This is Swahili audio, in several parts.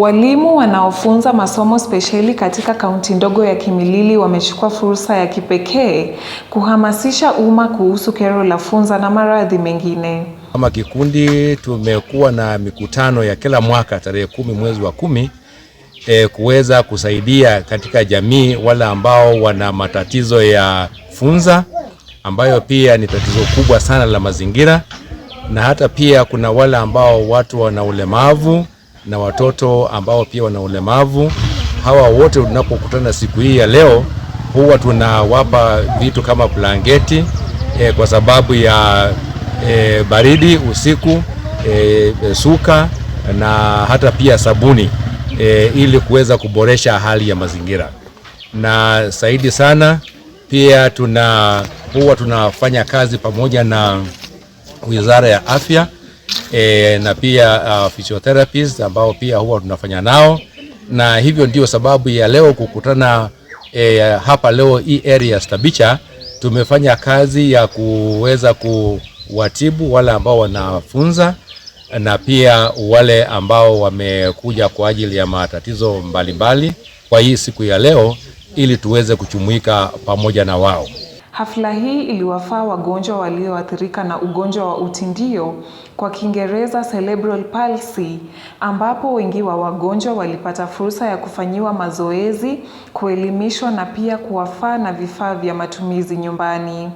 Walimu wanaofunza masomo spesheli katika kaunti ndogo ya Kimilili wamechukua fursa ya kipekee kuhamasisha umma kuhusu kero la funza na maradhi mengine. Kama kikundi tumekuwa na mikutano ya kila mwaka tarehe kumi mwezi wa kumi e, kuweza kusaidia katika jamii wale ambao wana matatizo ya funza ambayo pia ni tatizo kubwa sana la mazingira, na hata pia kuna wale ambao watu wana ulemavu na watoto ambao pia wana ulemavu. Hawa wote tunapokutana siku hii ya leo, huwa tunawapa vitu kama blanketi e, kwa sababu ya e, baridi usiku e, suka na hata pia sabuni e, ili kuweza kuboresha hali ya mazingira na zaidi sana pia tuna huwa tunafanya kazi pamoja na Wizara ya Afya e, na pia uh, physiotherapists ambao pia huwa tunafanya nao, na hivyo ndio sababu ya leo kukutana e, hapa leo hii area Stabicha tumefanya kazi ya kuweza kuwatibu wale ambao wanafunza na pia wale ambao wamekuja kwa ajili ya matatizo mbalimbali mbali, kwa hii siku ya leo ili tuweze kuchumuika pamoja na wao. Hafla hii iliwafaa wagonjwa walioathirika na ugonjwa wa utindio, kwa Kiingereza cerebral palsy, ambapo wengi wa wagonjwa walipata fursa ya kufanyiwa mazoezi, kuelimishwa na pia kuwafaa na vifaa vya matumizi nyumbani.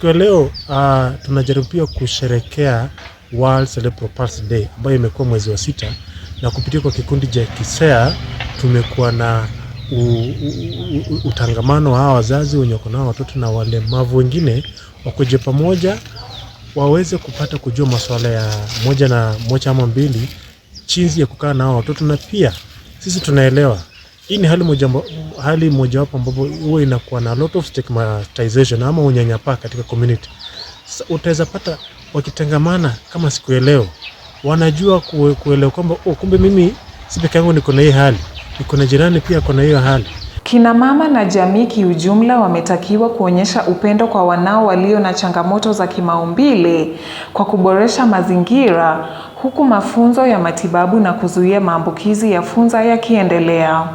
Kwa leo uh, tunajaribu pia kusherekea World Cerebral Palsy Day ambayo imekuwa mwezi wa sita, na kupitia kwa kikundi cha KISEA tumekuwa na u, u, u, utangamano wa hawa wazazi wenye wako nao watoto na walemavu wengine wakuje pamoja waweze kupata kujua masuala ya moja na moja ama mbili, chinzi ya kukaa na watoto. Na pia sisi tunaelewa hii ni hali moja hali moja mojawapo ambapo huwa inakuwa na lot of stigmatization ama unyanyapaa katika community. Utaweza pata wakitangamana kama siku ya leo, wanajua kuelewa kwamba oh, kumbe mimi si peke yangu niko na hii hali kuna jirani pia kuna hiyo hali. Kina mama na jamii kiujumla wametakiwa kuonyesha upendo kwa wanao walio na changamoto za kimaumbile kwa kuboresha mazingira, huku mafunzo ya matibabu na kuzuia maambukizi ya funza yakiendelea.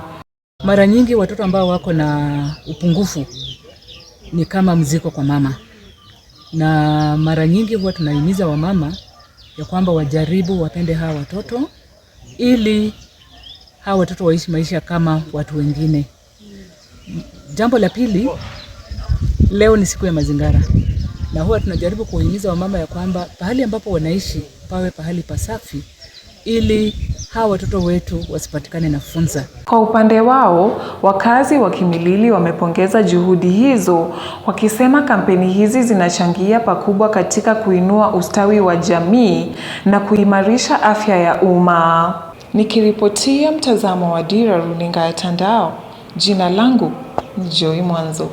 Mara nyingi watoto ambao wako na upungufu ni kama mzigo kwa mama, na mara nyingi huwa tunahimiza wamama ya kwamba wajaribu wapende hawa watoto ili hawa watoto waishi maisha kama watu wengine. Jambo la pili, leo ni siku ya mazingira, na huwa tunajaribu kuwahimiza wamama ya kwamba pahali ambapo wanaishi pawe pahali pasafi ili hawa watoto wetu wasipatikane na funza. Kwa upande wao, wakazi wa Kimilili wamepongeza juhudi hizo, wakisema kampeni hizi zinachangia pakubwa katika kuinua ustawi wa jamii na kuimarisha afya ya umma. Nikiripotia mtazamo wa Dira Runinga ya Tandao, jina langu ni Joy Mwanzo.